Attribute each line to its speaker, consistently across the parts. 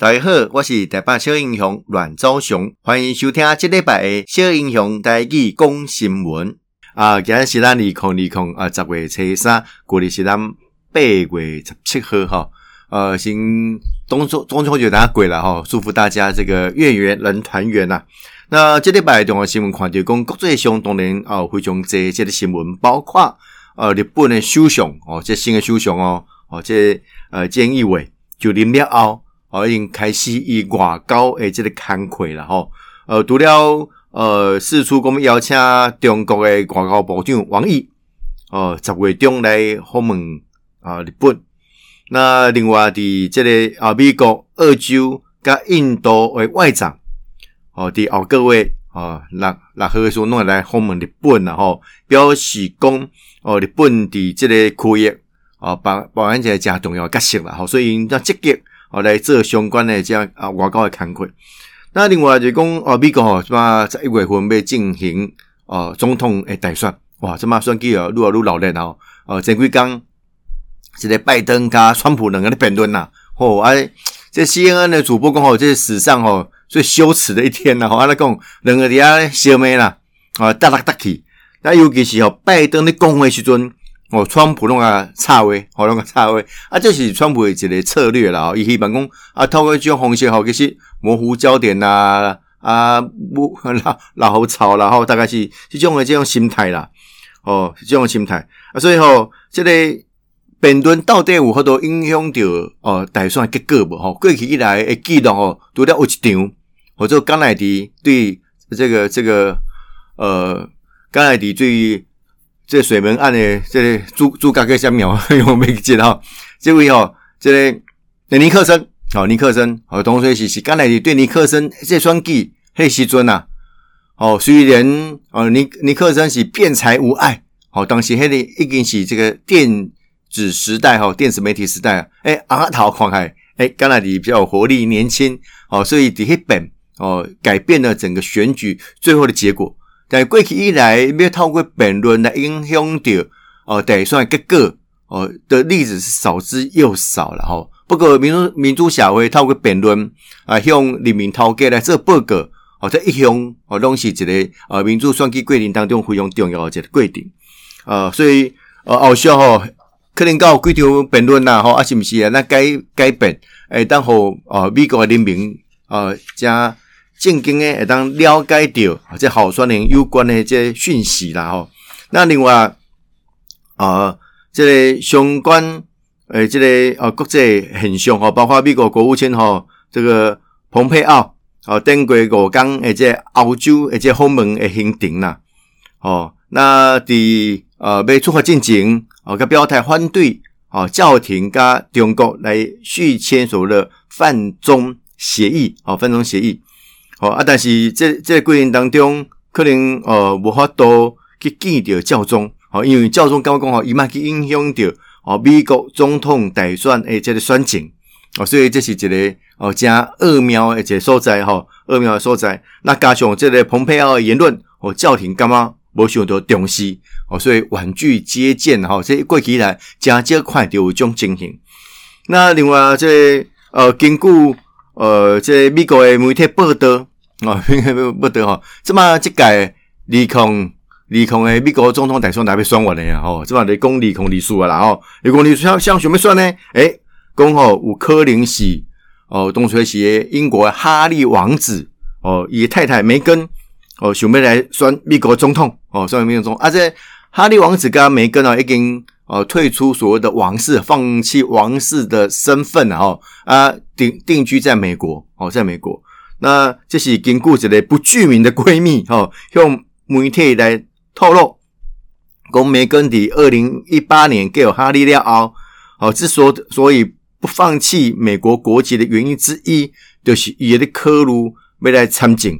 Speaker 1: 大家好，我是台北小英雄阮昭雄，歡迎收聽啊，這禮拜嘅小英雄台語講新聞啊，今日是咱二零二零啊、呃，十月初三，國曆是咱八月十七號吼。呃，先中秋中秋就咱過了吼，祝、哦、福大家這個月圓人團圓吶。那這禮拜中岸新聞看到講國際上當然啊非常多這些的新聞，包括呃日本嘅首相哦，即新嘅首相哦，哦，即、哦、呃菅義偉就臨了後。哦，已經開始以外交誒，即個工作啦吼。呃，除了呃，四處我們邀請中國誒外交部長王毅哦，十月中來訪問啊日本。那另外佇即個啊，美國、澳洲甲印度誒外長，哦的哦，各位哦，六六月的時陣攏會來訪問日本啦吼、哦。表示講哦，日本佇即個區域啊，扮演者誠重要角色啦吼，所以要積極。好來做相關的這啊外交的工作。那另外就講哦，美國哦，嘛十一月份要進行哦、呃、總統的大選，哇，這麼選舉哦，愈來愈鬧熱哦。哦、呃，正規講，前幾天、這個拜登加川普兩個人的辯論吶，吼、哦、啊，這 CNN 的主播講哦，這是史上哦最羞恥的一天吶。吼，啊，來講兩個人咧相罵啦，啊，大來大去。啊，尤其是哦，拜登在的講話時陣。哦，川普弄啊差個，弄啊差個，啊，這是川普的一個策略啦。伊希望講啊，通過這種方式吼，其實模糊焦點啦、啊，啊，老老好吵，然、哦、後大概是，是這種的這種心態啦。哦，是這種心態啊，所以吼、哦，這個辯論到底有好多影響着、呃、哦，大選結果無吼，過去以來會記錄吼，獨了有一場，或、哦、者剛來的對，對這個這個呃，剛來的對於。這水門案呢，這主主角下面我沒記到，哦。這位哦，這個尼克森，好，哦，尼克森，好、哦，當時是是甘迺迪對尼克森這雙臂嘿，師尊吶。好、哦，雖然哦，尼尼克森是辯才無礙，好、哦，當時嘿的已經是這個電子時代哈、哦，電子媒體時代，哎，阿淘狂海，哎，甘迺迪比較有活力年輕，好、哦，所以的黑本哦，改變了整個選舉最後的結果。但過去以來，要透過辯論來影響到哦，得、呃、大選結果，呃的例子是少之又少了吼、哦。不過民主民主社會透過辯論啊，向人民透過呢這個報告哦，這一向哦，攏是一個呃民主選舉過程當中非常重要的一個過程。呃，所以呃後稍吼，可能搞幾條辯論啦吼啊是不是啊？那改改變哎，當候呃，美國的人民呃加。正經誒，會當了解到即豪酸連有關誒即訊息啦吼。那另外啊，即、呃這個、相關誒，即個啊國際形象吼，包括美國國務卿吼，這個蓬佩奧哦，等過國剛，誒，且澳洲，誒，且歐盟誒行程啦。吼、呃，那佇啊未出發正經哦，佮、呃、表態反對哦，教廷甲中國來續簽署的梵中協議哦、呃，梵中協議。好啊，但是這這過程當中，可能哦無、呃、法度去見着教宗，好，因為教宗甲我講吼伊嘛去影響着哦美國總統大選誒這個選情，哦，所以這是一個哦加惡妙誒一個所在吼，惡妙誒所在。那加上這個蓬佩奧的言論，哦，教廷干嘛無想到重視，哦、呃，所以婉拒接見哈，這一過起來加少快就有這種情形。那另外這呃，根據呃這美國的媒體報道。哦，不不得吼，這麼即個利空，利空誒！美國總統打算來被雙完咧呀！吼，這麼利空離，利空利輸啊！然後，利空利輸，要向什麼算呢？誒恭賀吳克靈喜哦，東崔喜，英國哈利王子哦，與太太梅根哦，準備來雙美國總統哦，雙完美國總統。而且，啊、這哈利王子跟梅根哦已經哦退出所謂的王室，放棄王室的身份哦，啊，定定居在美國哦，在美國。那這是根據一個不具名的閨蜜哈、哦、向媒體來透露，梅根底二零一八年給有哈利廖哦，哦，之所所以不放棄美國國籍的原因之一，就是也是科魯要來參政，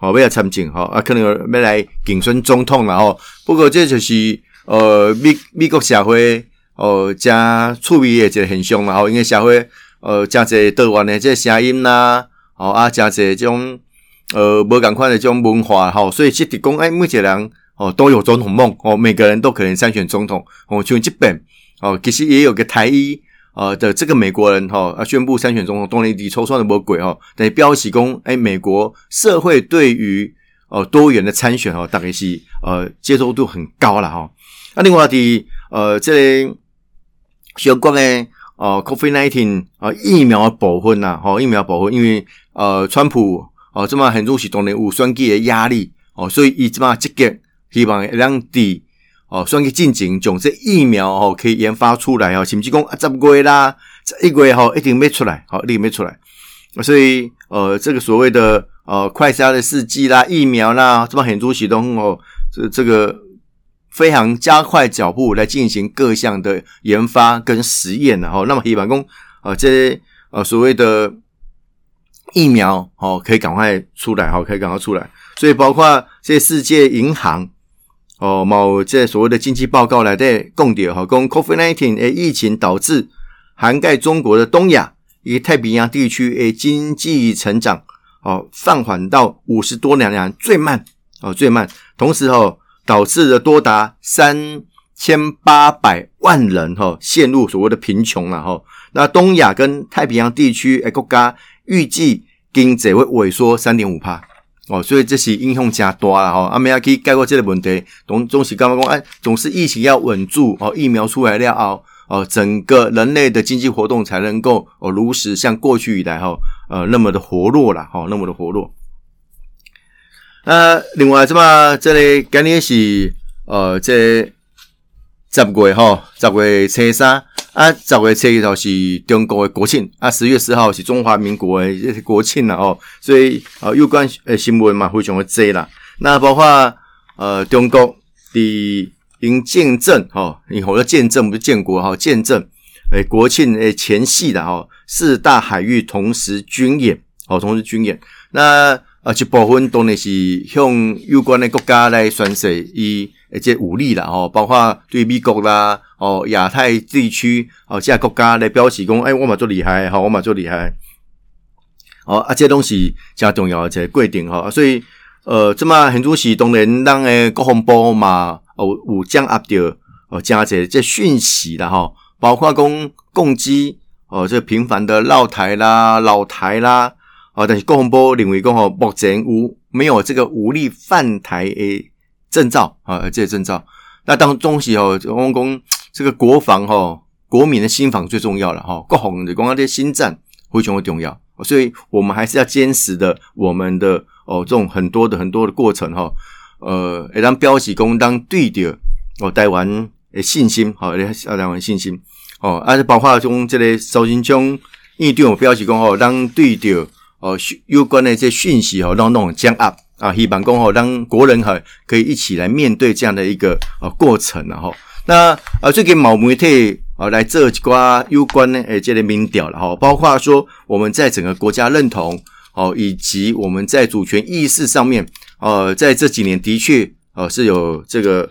Speaker 1: 哦，要來參政哈、哦、啊，可能要來競選總統了哈、哦。不過這就是呃美美國社會哦加處於一個現象了哈，因為社會呃加個多元的這聲音吶。哦啊，真是種呃無同款的這種文化吼、哦，所以其實講誒、哎、每一個人哦都有總統夢哦，每個人都可能參選總統哦、嗯，像基本哦，其實也有個台裔呃的這個美國人吼，啊、哦、宣布參選總統，多年底抽算的無鬼哦，等於表示講誒美國社會對於呃多元的參選哦，大概是呃接受度很高了哈、哦。啊，另外的呃，在、這個、學國的。哦，COVID nineteen，啊啊、哦，疫苗的部分吶，哦，疫苗部分，因為呃，川普哦這麼很重系統呢有選舉的壓力哦，所以伊這麼積極，希望兩地哦選舉進程從這疫苗哦可以研發出來哦，甚至講啊，十個月啦，一個月吼、哦、一定沒出來，好、哦，一定沒出來，所以呃，這個所謂的呃，快篩的試劑啦，疫苗啦，這麼很重系統哦，這這個。非常加快腳步來進行各項的研發跟實驗的哈，那麼黑板工啊，這些呃所謂的疫苗哦，可以趕快出來哈，可以趕快出來。所以包括這些世界銀行哦，某這所謂的經濟報告來在供掉哈，供 COVID-19 誒疫情導致涵蓋中國的東亞以及太平洋地區的經濟成長哦放緩到五十多年來最慢哦最慢，同時哦。導致了多達三千八百萬人哈陷入所謂的貧窮了哈。那東亞跟太平洋地區誒國家預計經濟會萎縮三點五趴哦，所以這是影響加大了哈。啊，沒有去解決這個問題，總總是幹嘛講，總是疫情要穩住哦，疫苗出來了哦，哦，整個人類的經濟活動才能夠哦，如實像過去以來哈、哦，呃，那麼的活絡了哈、哦，那麼的活絡。啊，另外，怎麼這裡今年是呃，這十、個、月吼，十、哦、月初三啊，十月初一是中國的國慶啊，十月十號是中華民國的國慶啦哦，所以啊，有關呃新聞嘛，非常的多啦。那包括呃，中國的建政吼，因好多建政不是建國哈、哦，建政呃、欸，國慶誒前夕啦吼，四大海域同時軍演哦，同時軍演那。啊，一部分當然是向有關的國家來宣示伊，誒，些武力了吼，包括對美國啦、哦、喔、亞太地區哦、喔、這些國家來表示，講、欸、誒，我嘛最厲害吼、喔，我嘛最厲害。哦，啊，這東西加重要的這個，而且規定哈，所以呃，這麼很多是當然讓誒國防部嘛，哦，有將阿着，哦加這樣、喔、這訊息啦，吼，包括講共機哦，這、喔、頻繁的繞台啦、老台啦。啊，但是國防部認為講吼，目前無沒有這個武力犯台誒徵兆，啊，這些徵兆。那當中吼，我講講這個國防吼，國民的心防最重要了哈。國防的講啊，這心戰非常重要，所以我們還是要堅持的我們的哦，這種很多的很多的過程哈。呃，當標示工當對着，我台灣信心，好，台灣信心哦，而且包括中這類手槍、對我標示工吼，當對調哦，有關的一些訊息哦，讓那種僵硬啊、黑板工哦，讓國人哈可以一起來面對這樣的一個呃、啊、過程，哦，然後那呃最近某媒體啊，啊來這瓜掛有關呢，哎，這類民調了哈，啊，包括說我們在整個國家認同哦，啊，以及我們在主權意識上面，呃、啊，在這幾年的確呃、啊，是有這個。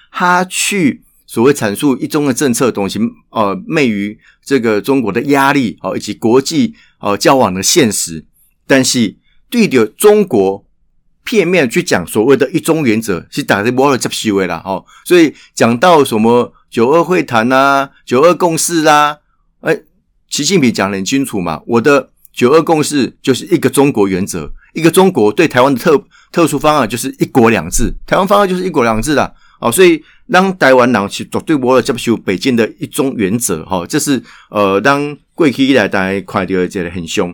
Speaker 1: 他去所謂闡述一中的政策東西，呃，媚於這個中國的壓力，呃、以及國際呃交往的現實。但是對着中國片面去講所謂的一中原則，是打的不二的假旗位了哦。所以講到什麼九二會談吶、啊，九二共識啦、啊，誒、欸、習近平講得很清楚嘛，我的九二共識就是一個中國原則，一個中國對台灣的特特殊方案就是一國兩制，台灣方案就是一國兩制啦哦，所以當台灣人去絕對不會接受，北京的一中原則，哈，這是呃，當過去以來，大家看到的這個很凶。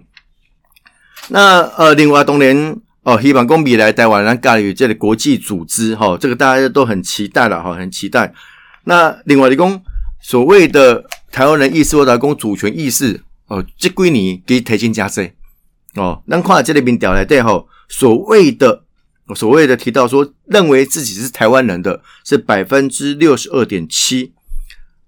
Speaker 1: 那呃，另外當然，哦，希望講未來台灣人加入這個國際組織，哈，這個大家都很期待了，哈，很期待。那另外你講，所謂的台灣人意識或者講主權意識，哦，這幾年給推進加深。哦，那看這個民調裡面來對哈，所謂的。我所謂的提到說，認為自己是台灣人的是百分之六十二點七，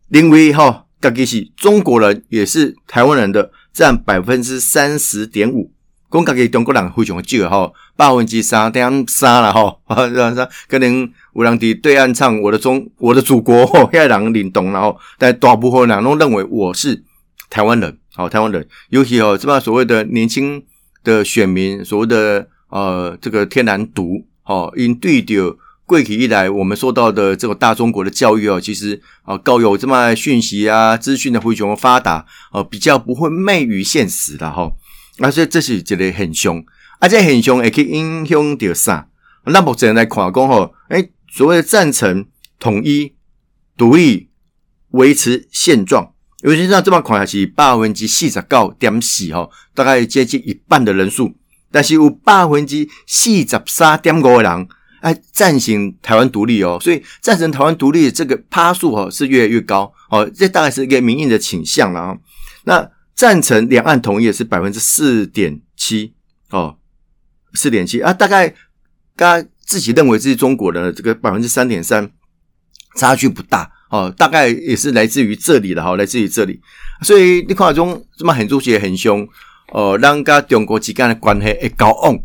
Speaker 1: 另外哈，是中國人也是台灣人的占百分之三十點五。中國人非常的久哈，八王雞殺掉殺了哈啊，殺！可能迪對岸唱我的中我的祖國，黑人領懂然後，但大部分人都認為我是台灣人，好台灣人，尤其哦，這幫所謂的年輕的選民，所謂的。呃，這個天然獨，吼、哦，因對到過去以來，我們受到的這個大中國的教育哦，其實啊、哦，高有這麼訊息啊，資訊的非常發達，哦，比較不會昧於現實的哈。那、哦啊、所以這是一個現象，而且現象，也可以影響到啥。那目前來看講吼，誒，所謂的贊成統一、獨立、維持現狀，尤其是像這麼看下去，百分之四十九點四哈，大概接近一半的人數。但是有百分之四十三點五的人，哎、贊、哦、成台灣獨立哦，所以贊成台灣獨立的這個趴數哦，是越來越高哦，這大概是一個民意的傾向了、哦哦、啊。那贊成兩岸統一是百分之四點七哦，四點七啊，大概大家自己認為是中國的這個百分之三點三，差距不大哦，大概也是來自於這裡的哈、哦，來自於這裡，所以你看中這麼很糾也很凶。哦，讓家中國之間的關係會高昂，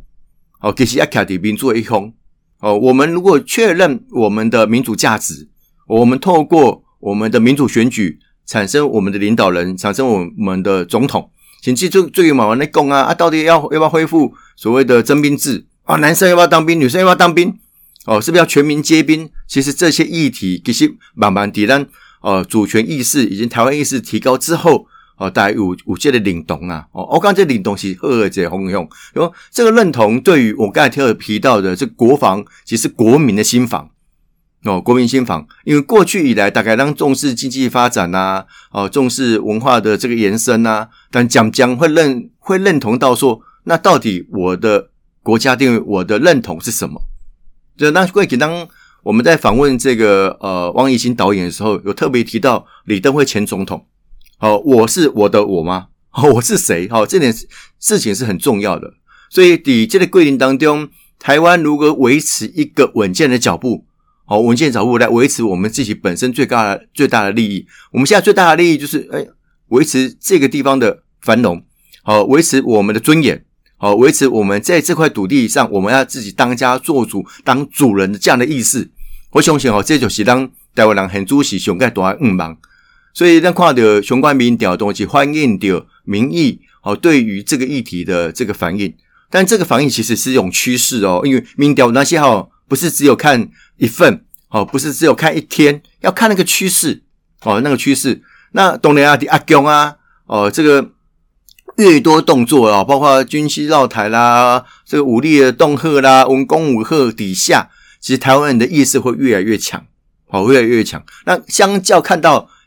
Speaker 1: 哦，其實也卡在民主一方。哦，我們如果確認我們的民主價值，哦，我們透過我們的民主選舉產生我們的領導人，產生我們的總統。請記住，最起碼，文的講啊，啊，到底要要不要恢復所謂的徵兵制啊？男生要不要當兵？女生要不要當兵？哦，是不是要全民皆兵？其實這些議題其實慢慢地，當呃主權意識以及台灣意識提高之後。哦，大概五五屆的領同啊！哦哦，剛才認同是何解？何用？因為這個認同，對於我剛才聽有提到的，是、這個、國防，其實是國民的心防哦，國民心防因為過去以來，大，大概當重視經濟發展吶、啊，哦，重視文化的這個延伸吶、啊，但講江會認會認同到說，那到底我的國家定位，我的認同是什麼？就那會簡當我們在訪問這個呃汪義興導演的時候，有特別提到李登輝前總統。哦，我是我的我嗎？哦，我是誰？哈、哦，這點事情是很重要的。所以，底這個規定當中，台灣如何維持一個穩健的腳步？好、哦，穩健的腳步來維持我們自己本身最大的最大的利益。我們現在最大的利益就是，哎，維持這個地方的繁榮，好、哦，維持我們的尊嚴，好、哦，維持我們在這塊土地上，我們要自己當家做主，當主人的這樣的意識。我相信，哦，這就是讓台灣人很主席想蓋大五忙。所以那跨的雄關民調東西歡迎的民意，哦，對於這個議題的這個反應，但這個反應其實是一種趨勢哦，因為民調那些哈不是只有看一份哦，不是只有看一天，要看那個趨勢哦，那個趨勢。那東南亞的阿公啊，哦，這個越多動作啊，包括軍機繞台啦，這個武力的恫嚇啦，文攻武嚇底下，其實台灣人的意識會越來越強，哦，越來越強。那相較看到。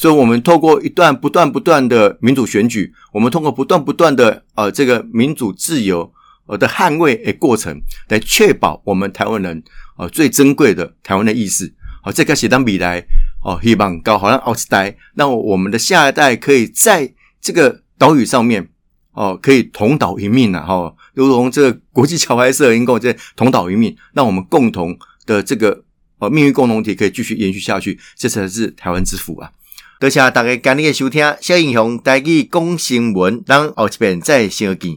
Speaker 1: 所以，我們透過一段不斷不斷的民主選舉，我們通過不斷不斷的呃這個民主自由呃的捍衛誒過程，來確保我們台灣人呃最珍貴的台灣的意識哦，這個寫當比來哦黑板高，好像奧斯呆，讓我們的下一代可以在這個島嶼上面哦可以同島一命吶、啊、哈、哦，如同這個國際橋牌社能夠這些同島一命，讓我們共同的這個呃、哦、命運共同體可以繼續延續下去，這才是台灣之福啊。多謝大家今日的收聽，小英雄帶你講新聞，咱後一遍再相見。